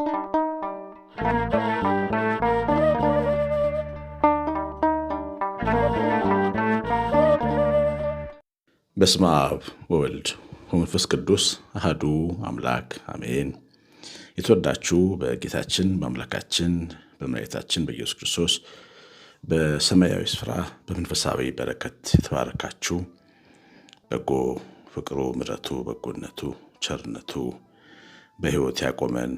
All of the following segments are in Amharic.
በስመ አብ ወወልድ ወመንፈስ ቅዱስ አህዱ አምላክ አሜን። የተወዳችሁ በጌታችን በአምላካችን በመሬታችን በኢየሱስ ክርስቶስ በሰማያዊ ስፍራ በመንፈሳዊ በረከት የተባረካችሁ በጎ ፍቅሩ፣ ምረቱ በጎነቱ፣ ቸርነቱ በሕይወት ያቆመን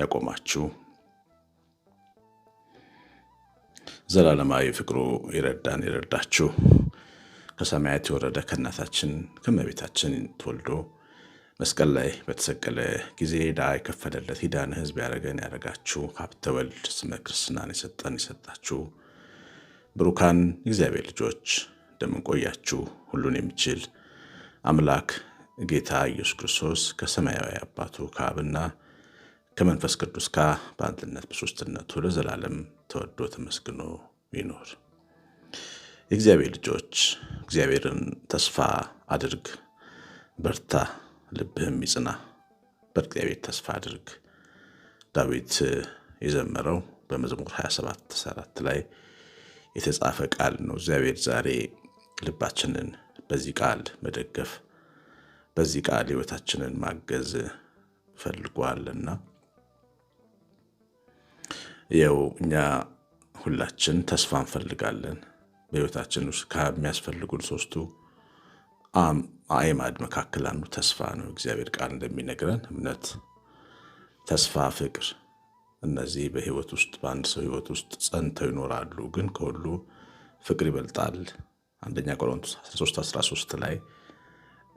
ያቆማችሁ ዘላለማዊ ፍቅሩ ይረዳን ይረዳችሁ። ከሰማያት የወረደ ከእናታችን ከመቤታችን ተወልዶ መስቀል ላይ በተሰቀለ ጊዜ ዳ የከፈለለት ሂዳን ህዝብ ያደረገን ያደረጋችሁ ሀብተ ወልድ ስመ ክርስትናን የሰጠን የሰጣችሁ ብሩካን እግዚአብሔር ልጆች እንደምንቆያችሁ ሁሉን የሚችል አምላክ ጌታ ኢየሱስ ክርስቶስ ከሰማያዊ አባቱ ከአብና ከመንፈስ ቅዱስ ጋር በአንድነት በሶስትነቱ ለዘላለም ተወዶ ተመስግኖ ይኖር። የእግዚአብሔር ልጆች እግዚአብሔርን ተስፋ አድርግ፣ በርታ፣ ልብህም ይጽና፣ በእግዚአብሔር ተስፋ አድርግ። ዳዊት የዘመረው በመዝሙር 27 ላይ የተጻፈ ቃል ነው። እግዚአብሔር ዛሬ ልባችንን በዚህ ቃል መደገፍ፣ በዚህ ቃል ህይወታችንን ማገዝ ፈልጓልና ይኸው እኛ ሁላችን ተስፋ እንፈልጋለን። በህይወታችን ውስጥ ከሚያስፈልጉን ሶስቱ አዕማድ መካከል አንዱ ተስፋ ነው። እግዚአብሔር ቃል እንደሚነግረን እምነት፣ ተስፋ፣ ፍቅር እነዚህ በህይወት ውስጥ በአንድ ሰው ህይወት ውስጥ ጸንተው ይኖራሉ። ግን ከሁሉ ፍቅር ይበልጣል። አንደኛ ቆሮንቶስ 13 ላይ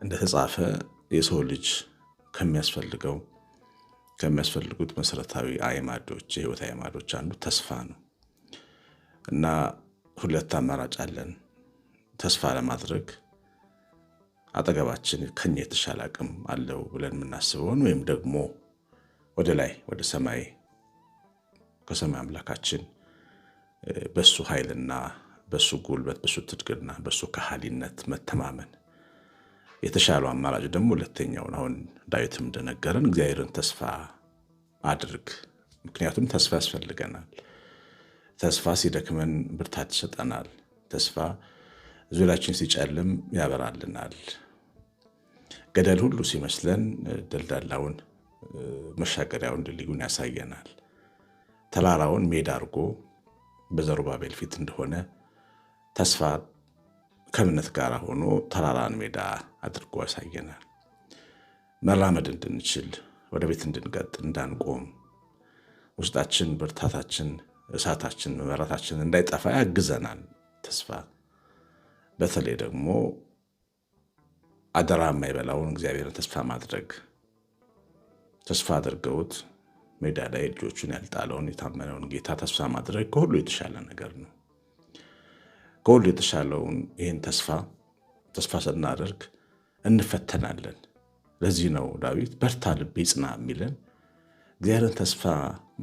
እንደተጻፈ የሰው ልጅ ከሚያስፈልገው ከሚያስፈልጉት መሰረታዊ አይማዶች የህይወት አይማዶች አንዱ ተስፋ ነው እና ሁለት አማራጭ አለን። ተስፋ ለማድረግ አጠገባችን ከኛ የተሻለ አቅም አለው ብለን የምናስበውን ወይም ደግሞ ወደ ላይ ወደ ሰማይ ከሰማይ አምላካችን በሱ ኃይልና በሱ ጉልበት፣ በሱ ትድግና፣ በሱ ከሃሊነት መተማመን የተሻለው አማራጭ ደግሞ ሁለተኛውን አሁን ዳዊትም እንደነገረን እግዚአብሔርን ተስፋ አድርግ። ምክንያቱም ተስፋ ያስፈልገናል። ተስፋ ሲደክመን ብርታት ይሰጠናል። ተስፋ ዙሪያችን ሲጨልም ያበራልናል። ገደል ሁሉ ሲመስለን ደልዳላውን መሻገሪያውን ድልድዩን ያሳየናል። ተራራውን ሜዳ አድርጎ በዘሩባቤል ፊት እንደሆነ ተስፋ ከእምነት ጋር ሆኖ ተራራን ሜዳ አድርጎ ያሳየናል። መራመድ እንድንችል ወደ ቤት እንድንቀጥ እንዳንቆም ውስጣችን ብርታታችን፣ እሳታችን፣ መመራታችን እንዳይጠፋ ያግዘናል። ተስፋ በተለይ ደግሞ አደራ የማይበላውን እግዚአብሔርን ተስፋ ማድረግ ተስፋ አድርገውት ሜዳ ላይ ልጆቹን ያልጣለውን የታመነውን ጌታ ተስፋ ማድረግ ከሁሉ የተሻለ ነገር ነው። ከሁሉ የተሻለውን ይህን ተስፋ ተስፋ ስናደርግ እንፈተናለን። ለዚህ ነው ዳዊት በርታ ልቤ ጽና የሚለን። እግዚአብሔርን ተስፋ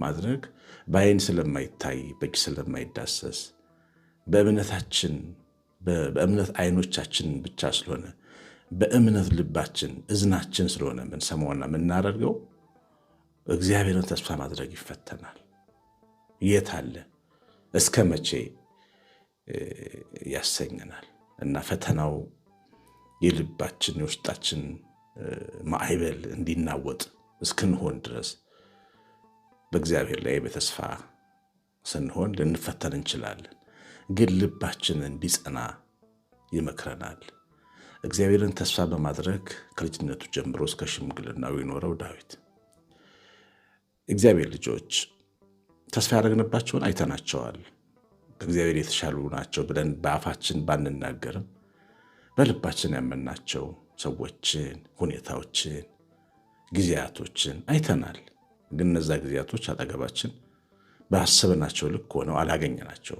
ማድረግ በአይን ስለማይታይ በእጅ ስለማይዳሰስ በእምነታችን በእምነት አይኖቻችን ብቻ ስለሆነ በእምነት ልባችን እዝናችን ስለሆነ ምንሰማውና የምናደርገው እግዚአብሔርን ተስፋ ማድረግ ይፈተናል። የት አለ? እስከ መቼ ያሰኘናል እና ፈተናው የልባችን የውስጣችን ማዕበል እንዲናወጥ እስክንሆን ድረስ በእግዚአብሔር ላይ በተስፋ ስንሆን ልንፈተን እንችላለን። ግን ልባችን እንዲጸና ይመክረናል። እግዚአብሔርን ተስፋ በማድረግ ከልጅነቱ ጀምሮ እስከ ሽምግልናው የኖረው ዳዊት እግዚአብሔር ልጆች ተስፋ ያደረግንባቸውን አይተናቸዋል። ከእግዚአብሔር የተሻሉ ናቸው ብለን በአፋችን ባንናገርም በልባችን ያመናቸው ሰዎችን፣ ሁኔታዎችን፣ ጊዜያቶችን አይተናል። ግን እነዛ ጊዜያቶች አጠገባችን በአሰብናቸው ልክ ሆነው አላገኘናቸው።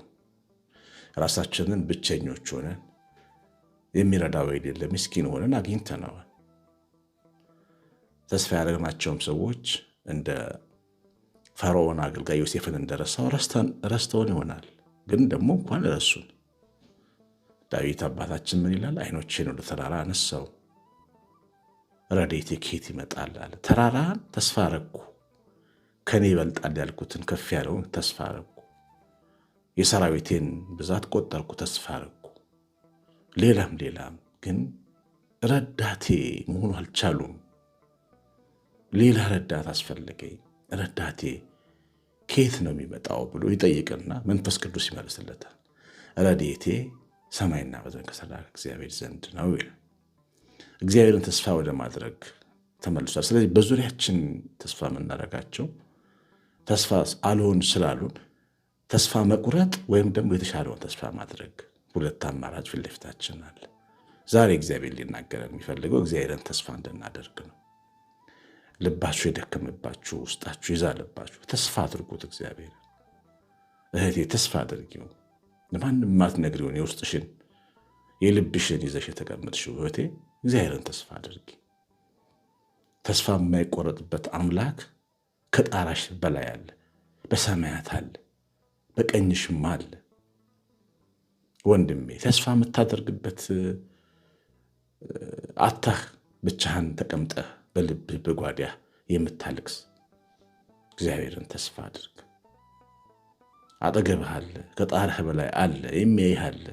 ራሳችንን ብቸኞች ሆነን የሚረዳው የሌለ ምስኪን ሆነን አግኝተነዋል። ተስፋ ያደረግናቸውም ሰዎች እንደ ፈርዖን አገልጋይ ዮሴፍን እንደረሳው ረስተውን ይሆናል። ግን ደግሞ እንኳን ረሱን። ዳዊት አባታችን ምን ይላል? አይኖቼን ወደ ተራራ አነሳው ረዴቴ ከየት ይመጣል አለ። ተራራን ተስፋ አረግኩ፣ ከኔ ይበልጣል ያልኩትን ከፍ ያለውን ተስፋ አረግኩ፣ የሰራዊቴን ብዛት ቆጠርኩ፣ ተስፋ አረግኩ። ሌላም ሌላም ግን ረዳቴ መሆኑ አልቻሉም። ሌላ ረዳት አስፈለገኝ። ረዳቴ ከየት ነው የሚመጣው ብሎ ይጠይቅና መንፈስ ቅዱስ ይመልስለታል። ረድኤቴ ሰማይና ምድርን ከሠራ እግዚአብሔር ዘንድ ነው ይላል። እግዚአብሔርን ተስፋ ወደ ማድረግ ተመልሷል። ስለዚህ በዙሪያችን ተስፋ የምናደርጋቸው ተስፋ አልሆን ስላሉን ተስፋ መቁረጥ ወይም ደግሞ የተሻለውን ተስፋ ማድረግ ሁለት አማራጭ ፊት ለፊታችን አለ። ዛሬ እግዚአብሔር ሊናገረን የሚፈልገው እግዚአብሔርን ተስፋ እንድናደርግ ነው። ልባችሁ የደከመባችሁ ውስጣችሁ ይዛለባችሁ ተስፋ አድርጉት። እግዚአብሔር እህቴ ተስፋ አድርጊው። ለማንም ማትነግሪውን የውስጥሽን የልብሽን ይዘሽ የተቀመጥሽው እህቴ እግዚአብሔርን ተስፋ አድርጊ። ተስፋ የማይቆረጥበት አምላክ ከጣራሽ በላይ አለ፣ በሰማያት አለ፣ በቀኝሽም አለ። ወንድሜ ተስፋ የምታደርግበት አታህ ብቻህን ተቀምጠህ በልብህ በጓዳ የምታልቅስ እግዚአብሔርን ተስፋ አድርግ። አጠገብህ አለ፣ ከጣርህ በላይ አለ፣ የሚያይህ አለ፣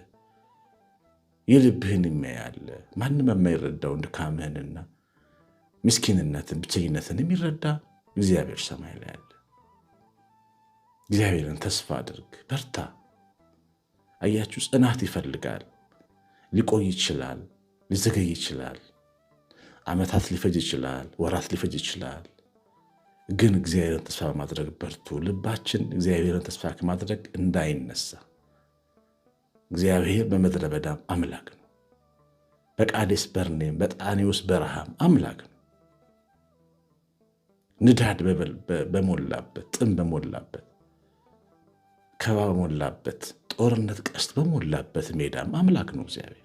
የልብህን የሚያይ አለ። ማንም የማይረዳውን ድካምህንና ምስኪንነትን ብቸኝነትን የሚረዳ እግዚአብሔር ሰማይ ላይ አለ። እግዚአብሔርን ተስፋ አድርግ፣ በርታ። አያችሁ፣ ጽናት ይፈልጋል። ሊቆይ ይችላል፣ ሊዘገይ ይችላል። ዓመታት ሊፈጅ ይችላል፣ ወራት ሊፈጅ ይችላል። ግን እግዚአብሔርን ተስፋ በማድረግ በርቱ። ልባችን እግዚአብሔርን ተስፋ ከማድረግ እንዳይነሳ። እግዚአብሔር በምድረ በዳም አምላክ ነው። በቃዴስ በርኔም በጣኔውስ በረሃም አምላክ ነው። ንዳድ በሞላበት ጥም በሞላበት ከባ በሞላበት ጦርነት ቀስት በሞላበት ሜዳም አምላክ ነው። እግዚአብሔር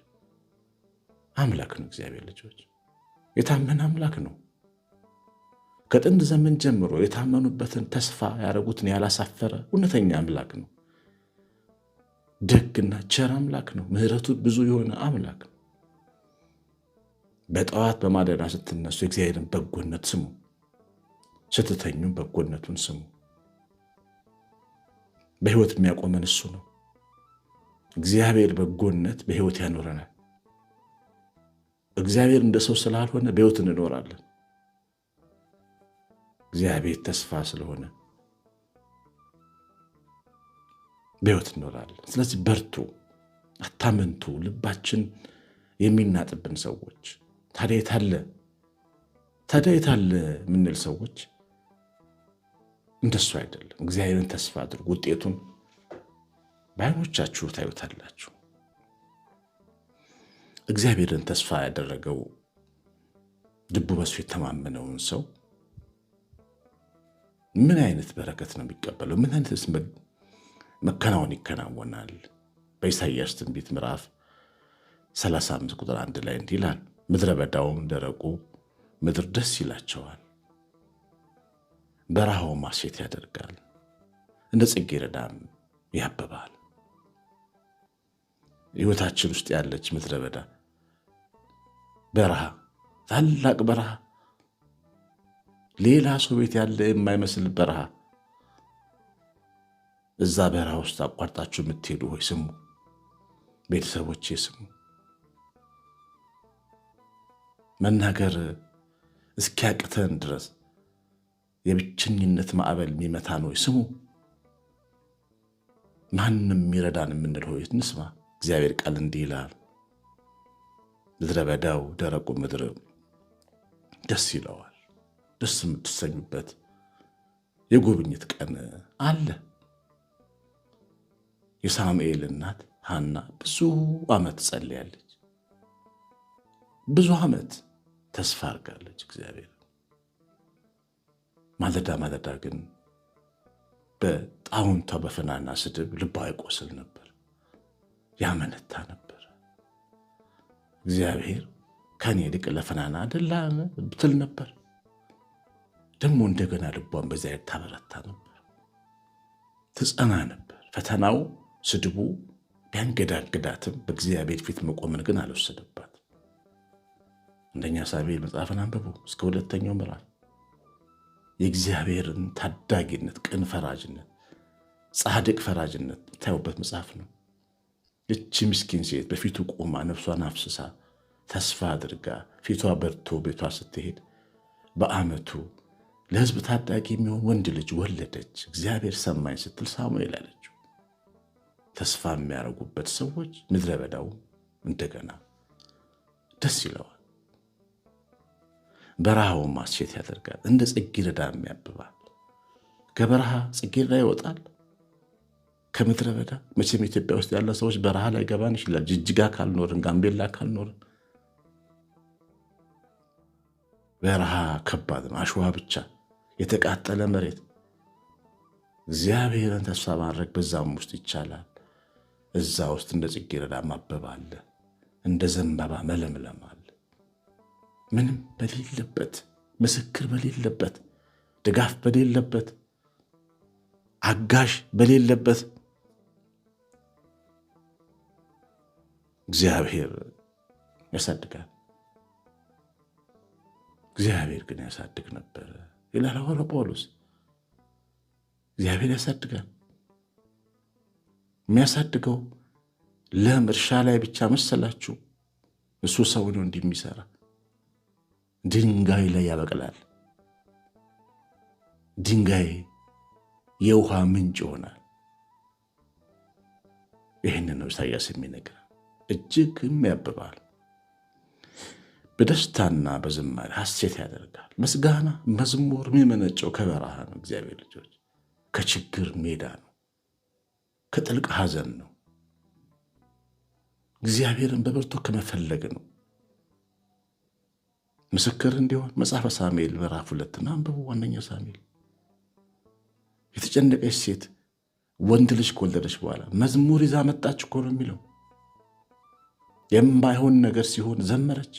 አምላክ ነው። እግዚአብሔር ልጆች የታመነ አምላክ ነው። ከጥንት ዘመን ጀምሮ የታመኑበትን ተስፋ ያደረጉትን ያላሳፈረ እውነተኛ አምላክ ነው። ደግና ቸር አምላክ ነው። ምሕረቱ ብዙ የሆነ አምላክ ነው። በጠዋት በማደራ ስትነሱ የእግዚአብሔርን በጎነት ስሙ፣ ስትተኙም በጎነቱን ስሙ። በሕይወት የሚያቆመን እሱ ነው። እግዚአብሔር በጎነት በሕይወት ያኖረናል። እግዚአብሔር እንደ ሰው ስላልሆነ በሕይወት እንኖራለን። እግዚአብሔር ተስፋ ስለሆነ በሕይወት እንኖራለን። ስለዚህ በርቱ፣ አታመንቱ። ልባችን የሚናጥብን ሰዎች ታዲያ የታለ ታዲያ የታለ የምንል ሰዎች እንደሱ አይደለም። እግዚአብሔርን ተስፋ አድርጉ። ውጤቱን በአይኖቻችሁ ታዩታላችሁ። እግዚአብሔርን ተስፋ ያደረገው ልቡ በሱ የተማመነውን ሰው ምን አይነት በረከት ነው የሚቀበለው? ምን አይነት መከናወን ይከናወናል? በኢሳያስ ትንቢት ምዕራፍ 35 ቁጥር አንድ ላይ እንዲህ ይላል፣ ምድረ በዳውም ደረቁ ምድር ደስ ይላቸዋል፣ በረሃው ማሴት ያደርጋል፣ እንደ ጽጌረዳም ያብባል። ህይወታችን ውስጥ ያለች ምድረ በዳ በረሃ ታላቅ በረሃ ሌላ ሰው ቤት ያለ የማይመስል በረሃ እዛ በረሃ ውስጥ አቋርጣችሁ የምትሄዱ ሆይ ስሙ፣ ቤተሰቦቼ ስሙ። መናገር እስኪያቅተን ድረስ የብቸኝነት ማዕበል የሚመታን ሆይ ስሙ። ማንም የሚረዳን የምንል ሆይ እንስማ። እግዚአብሔር ቃል እንዲህ ይላል ምድረ በዳው ደረቁ ምድር ደስ ይለዋል። ደስ የምትሰኙበት የጉብኝት ቀን አለ። የሳሙኤል እናት ሐና ብዙ ዓመት ጸልያለች። ብዙ ዓመት ተስፋ አድርጋለች እግዚአብሔር። ማለዳ ማለዳ ግን በጣውንቷ በፍናና ስድብ ልቧ ይቆስል ነበር፣ ያመነታ ነበር። እግዚአብሔር ከኔ ይልቅ ለፈናና አደላ ብትል ነበር። ደግሞ እንደገና ልቧን በዚያ ታበረታ ነበር፣ ትጸና ነበር። ፈተናው ስድቡ ቢያንገዳግዳትም በእግዚአብሔር ፊት መቆምን ግን አልወሰደባት። አንደኛ ሳሙኤል መጽሐፍን አንብቡ እስከ ሁለተኛው ምዕራፍ የእግዚአብሔርን ታዳጊነት፣ ቅን ፈራጅነት፣ ጻድቅ ፈራጅነት ታዩበት መጽሐፍ ነው። እቺ ምስኪን ሴት በፊቱ ቆማ ነፍሷን አፍስሳ ተስፋ አድርጋ ፊቷ በርቶ ቤቷ ስትሄድ በአመቱ ለህዝብ ታዳጊ የሚሆን ወንድ ልጅ ወለደች፣ እግዚአብሔር ሰማኝ ስትል ሳሙኤል አለችው። ተስፋ የሚያደርጉበት ሰዎች ምድረ በዳው እንደገና ደስ ይለዋል። በረሃውን ማስሸት ያደርጋል፣ እንደ ጽጌረዳ ያብባል። ከበረሃ ጽጌረዳ ይወጣል፣ ከምድረ በዳ መቼም ኢትዮጵያ ውስጥ ያለ ሰዎች በረሃ ላይ ገባን ይችላል። ጅጅጋ ካልኖርን፣ ጋምቤላ ካልኖርን በረሃ ከባድ ነው። አሸዋ ብቻ የተቃጠለ መሬት እግዚአብሔርን ተስፋ ማድረግ በዛም ውስጥ ይቻላል። እዛ ውስጥ እንደ ጽጌረዳ ማበብ አለ፣ እንደ ዘንባባ መለምለም አለ። ምንም በሌለበት ምስክር በሌለበት ድጋፍ በሌለበት አጋዥ በሌለበት እግዚአብሔር ያሳድጋል። እግዚአብሔር ግን ያሳድግ ነበረ ይላል ሐዋርያው ጳውሎስ። እግዚአብሔር ያሳድጋል። የሚያሳድገው ለም እርሻ ላይ ብቻ መሰላችሁ? እሱ ሰው ነው እንዲህ የሚሰራ ድንጋይ ላይ ያበቅላል። ድንጋይ የውሃ ምንጭ ይሆናል። ይህንን ነው ኢሳያስ የሚነግር እጅግም ያብባል። በደስታና በዝማሬ ሐሴት ያደርጋል። ምስጋና መዝሙር የሚመነጨው ከበረሃ ነው። እግዚአብሔር ልጆች ከችግር ሜዳ ነው፣ ከጥልቅ ሐዘን ነው፣ እግዚአብሔርን በብርቱ ከመፈለግ ነው። ምስክር እንዲሆን መጽሐፈ ሳሙኤል ምዕራፍ ና አንብቡ። ዋነኛው ሳሙኤል የተጨነቀች ሴት ወንድ ልጅ ከወለደች በኋላ መዝሙር ይዛ መጣች እኮ ነው የሚለው የማይሆን ነገር ሲሆን ዘመረች።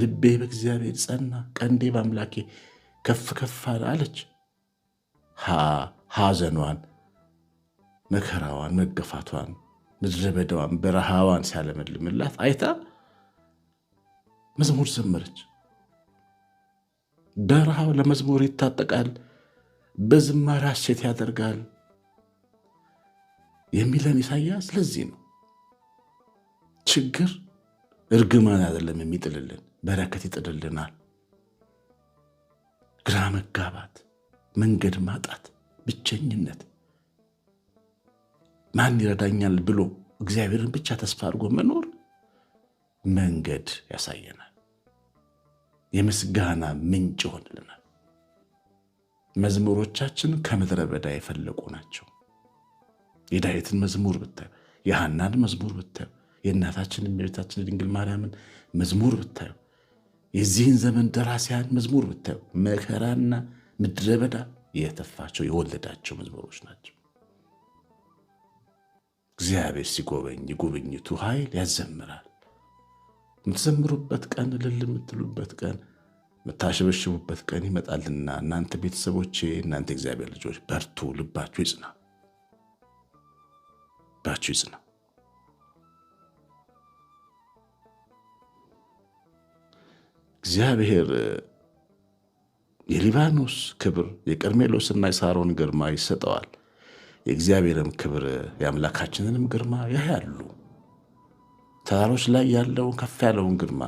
ልቤ በእግዚአብሔር ጸና፣ ቀንዴ በአምላኬ ከፍ ከፍ አለች። ሐዘኗን፣ መከራዋን፣ መገፋቷን፣ ምድረ በዳዋን፣ በረሃዋን ሲያለመልምላት አይታ መዝሙር ዘመረች። በረሃው ለመዝሙር ይታጠቃል፣ በዝማሬ ሐሴት ያደርጋል የሚለን ኢሳይያስ ስለዚህ ነው። ችግር እርግማን አይደለም የሚጥልልን፣ በረከት ይጥልልናል። ግራ መጋባት፣ መንገድ ማጣት፣ ብቸኝነት፣ ማን ይረዳኛል ብሎ እግዚአብሔርን ብቻ ተስፋ አድርጎ መኖር መንገድ ያሳየናል። የምስጋና ምንጭ ይሆንልናል። መዝሙሮቻችን ከምድረ በዳ የፈለቁ ናቸው። የዳዊትን መዝሙር ብታዩ፣ የሐናን መዝሙር ብታዩ የእናታችን የእመቤታችን ድንግል ማርያምን መዝሙር ብታዩ፣ የዚህን ዘመን ደራሲያን መዝሙር ብታዩ፣ መከራና ምድረ በዳ የተፋቸው የወለዳቸው መዝሙሮች ናቸው። እግዚአብሔር ሲጎበኝ የጉብኝቱ ኃይል ያዘምራል። የምትዘምሩበት ቀን፣ እልል የምትሉበት ቀን፣ የምታሸበሽቡበት ቀን ይመጣልና እናንተ ቤተሰቦቼ፣ እናንተ እግዚአብሔር ልጆች በርቱ፣ ልባችሁ ይጽና፣ ልባችሁ ይጽና። እግዚአብሔር የሊባኖስ ክብር የቀርሜሎስና የሳሮን ግርማ ይሰጠዋል። የእግዚአብሔርም ክብር የአምላካችንንም ግርማ ያያሉ። ተራሮች ላይ ያለውን ከፍ ያለውን ግርማ፣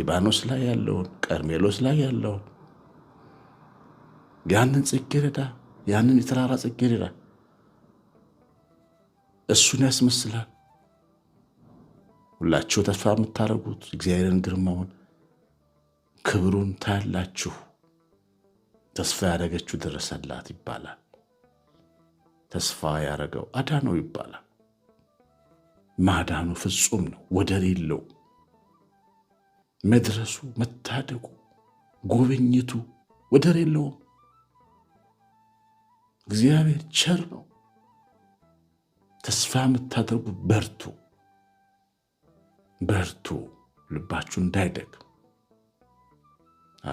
ሊባኖስ ላይ ያለውን፣ ቀርሜሎስ ላይ ያለውን ያንን ጽጌረዳ ያንን የተራራ ጽጌረዳ እሱን ያስመስላል። ሁላችሁ ተስፋ የምታደርጉት እግዚአብሔርን ግርማውን ክብሩን ታያላችሁ። ተስፋ ያደረገችው ደረሰላት ይባላል። ተስፋ ያደረገው አዳነው ይባላል። ማዳኑ ፍጹም ነው፣ ወደር የለውም። መድረሱ፣ መታደጉ፣ ጉብኝቱ ወደር የለውም። እግዚአብሔር ቸር ነው። ተስፋ የምታደርጉ በርቱ፣ በርቱ ልባችሁ እንዳይደግ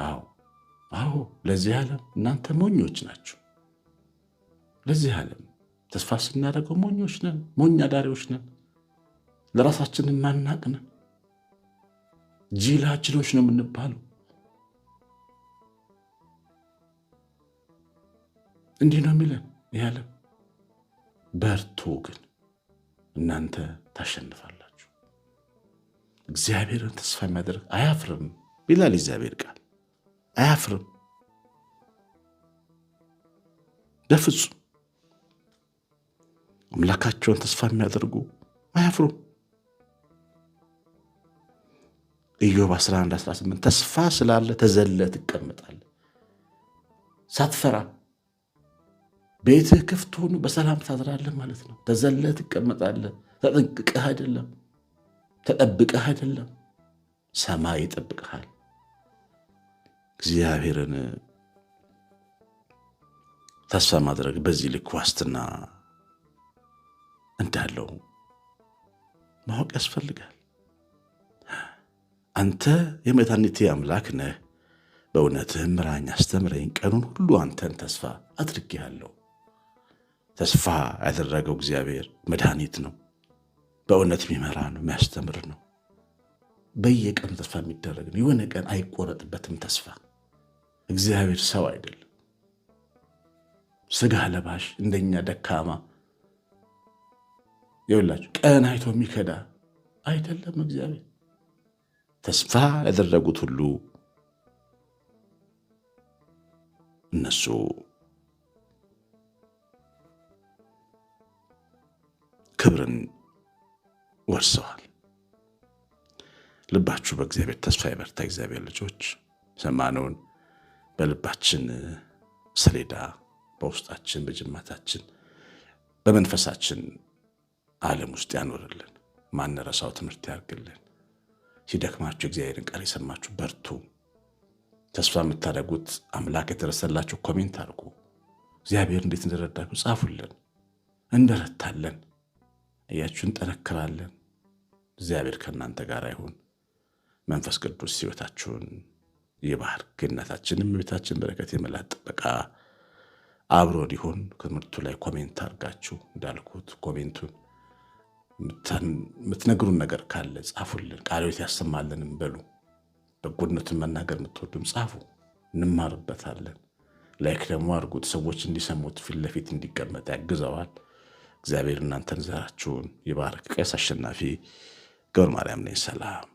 አዎ አዎ፣ ለዚህ ዓለም እናንተ ሞኞች ናችሁ። ለዚህ ዓለም ተስፋ ስናደርገው ሞኞች ነን፣ ሞኝ አዳሪዎች ነን፣ ለራሳችን የማናቅ ነን፣ ጅላጅሎች ነው የምንባለው። እንዲህ ነው የሚለን ይህ ዓለም። በርቱ ግን እናንተ ታሸንፋላችሁ። እግዚአብሔርን ተስፋ የሚያደርግ አያፍርም ይላል እግዚአብሔር ቃል። አያፍርም። በፍጹም አምላካቸውን ተስፋ የሚያደርጉ አያፍሩም። ኢዮብ 11 18 ተስፋ ስላለ ተዘለ ትቀመጣለ ሳትፈራ ቤትህ ክፍት ሆኖ በሰላም ታድራለህ ማለት ነው። ተዘለ ትቀመጣለህ። ተጠንቅቀህ አይደለም፣ ተጠብቀህ አይደለም፣ ሰማይ ይጠብቀሃል። እግዚአብሔርን ተስፋ ማድረግ በዚህ ልክ ዋስትና እንዳለው ማወቅ ያስፈልጋል። አንተ የመድኃኒቴ አምላክ ነህ፣ በእውነትህ ምራኝ፣ አስተምረኝ፣ ቀኑን ሁሉ አንተን ተስፋ አድርጌሃለሁ። ተስፋ ያደረገው እግዚአብሔር መድኃኒት ነው። በእውነት የሚመራ ነው፣ የሚያስተምር ነው። በየቀኑ ተስፋ የሚደረግ ነው። የሆነ ቀን አይቆረጥበትም ተስፋ እግዚአብሔር ሰው አይደለም፣ ስጋ ለባሽ እንደኛ ደካማ ይውላችሁ ቀን አይቶ የሚከዳ አይደለም። እግዚአብሔር ተስፋ ያደረጉት ሁሉ እነሱ ክብርን ወርሰዋል። ልባችሁ በእግዚአብሔር ተስፋ የበርታ እግዚአብሔር ልጆች ሰማነውን በልባችን ሰሌዳ በውስጣችን በጅማታችን በመንፈሳችን ዓለም ውስጥ ያኖርልን። ማንረሳው ትምህርት ያርግልን። ሲደክማችሁ እግዚአብሔርን ቃል የሰማችሁ በርቱ። ተስፋ የምታደርጉት አምላክ የተረሰላችሁ ኮሜንት አድርጉ። እግዚአብሔር እንዴት እንደረዳችሁ ጻፉልን። እንደረታለን፣ እያችሁ እንጠነክራለን። እግዚአብሔር ከእናንተ ጋር ይሁን። መንፈስ ቅዱስ ሕይወታችሁን ይባር የእናታችንም ቤታችን በረከት የመላት ጥበቃ አብሮ ሊሆን ከትምህርቱ ላይ ኮሜንት አድርጋችሁ እንዳልኩት ኮሜንቱን የምትነግሩን ነገር ካለ ጻፉልን። ቃልቤት ያሰማልንም በሉ። በጎነቱን መናገር የምትወዱም ጻፉ፣ እንማርበታለን። ላይክ ደግሞ አድርጉት፣ ሰዎች እንዲሰሙት ፊት ለፊት እንዲቀመጥ ያግዘዋል። እግዚአብሔር እናንተን ዘራችሁን ይባርክ። ቄስ አሸናፊ ገብረ ማርያም ነኝ። ሰላም